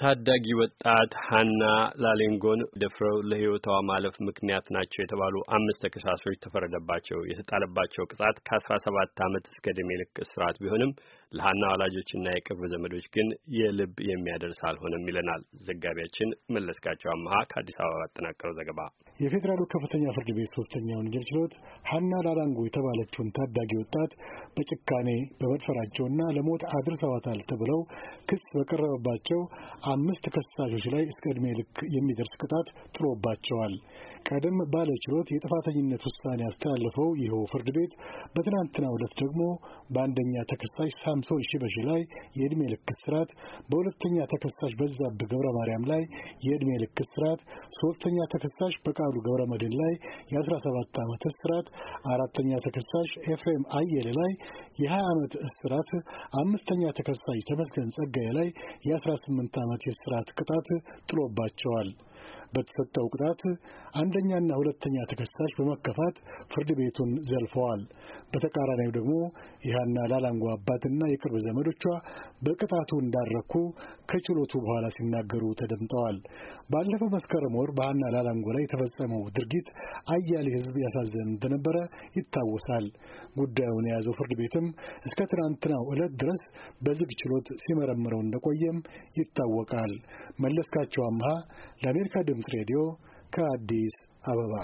ታዳጊ ወጣት ሀና ላሌንጎን ደፍረው ለሕይወቷ ማለፍ ምክንያት ናቸው የተባሉ አምስት ተከሳሾች ተፈረደባቸው። የተጣለባቸው ቅጣት ከአስራ ሰባት ዓመት እስከ ዕድሜ ልክ እስራት ቢሆንም ለሀና ወላጆችና የቅርብ ዘመዶች ግን የልብ የሚያደርስ አልሆነም ይለናል ዘጋቢያችን መለስካቸው አመሃ ከአዲስ አበባ ያጠናቀረው ዘገባ። የፌዴራሉ ከፍተኛ ፍርድ ቤት ሶስተኛ ወንጀል ችሎት ሀና ላላንጎ የተባለችውን ታዳጊ ወጣት በጭካኔ በመድፈራቸውና ለሞት አድርሰዋታል ተብለው ክስ በቀረበባቸው አምስት ከሳሾች ላይ እስከ ዕድሜ ልክ የሚደርስ ቅጣት ጥሎባቸዋል። ቀደም ባለ ችሎት የጥፋተኝነት ውሳኔ ያስተላለፈው ይኸው ፍርድ ቤት በትናንትናው ዕለት ደግሞ በአንደኛ ተከሳሽ ሳምሶን ሽበሽ ላይ የዕድሜ ልክ እስራት፣ በሁለተኛ ተከሳሽ በዛብህ ገብረ ማርያም ላይ የዕድሜ ልክ እስራት፣ ሶስተኛ ተከሳሽ በቃ ገብረ መድን ላይ የ17 ዓመት እስራት፣ አራተኛ ተከሳሽ ኤፍሬም አየለ ላይ የ20 ዓመት እስራት፣ አምስተኛ ተከሳሽ ተመስገን ጸጋዬ ላይ የ18 ዓመት የእስራት ቅጣት ጥሎባቸዋል። በተሰጠው ቅጣት አንደኛና ሁለተኛ ተከሳሽ በመከፋት ፍርድ ቤቱን ዘልፈዋል። በተቃራኒው ደግሞ ይሃና ላላንጎ አባትና የቅርብ ዘመዶቿ በቅጣቱ እንዳረኩ ከችሎቱ በኋላ ሲናገሩ ተደምጠዋል። ባለፈው መስከረም ወር በሃና ላላንጎ ላይ የተፈጸመው ድርጊት አያሌ ሕዝብ ያሳዘን እንደነበረ ይታወሳል። ጉዳዩን የያዘው ፍርድ ቤትም እስከ ትናንትናው ዕለት ድረስ በዝግ ችሎት ሲመረምረው እንደቆየም ይታወቃል። መለስካቸው አምሃ ለአሜሪካ ድምፅ ሬዲዮ ከአዲስ አበባ